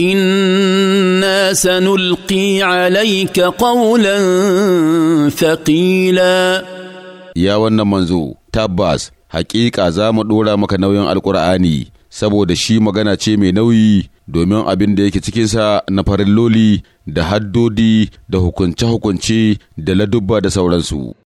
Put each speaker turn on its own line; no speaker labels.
انا سنلقي عليك قولا
ثقيلا ya wannan manzo tabbas haƙiƙa za mu ɗora maka nauyin alƙur'ani saboda shi magana ce mai nauyi domin abin da yake cikinsa na farilloli da haddodi da hukunce-hukunce
da ladubba da sauransu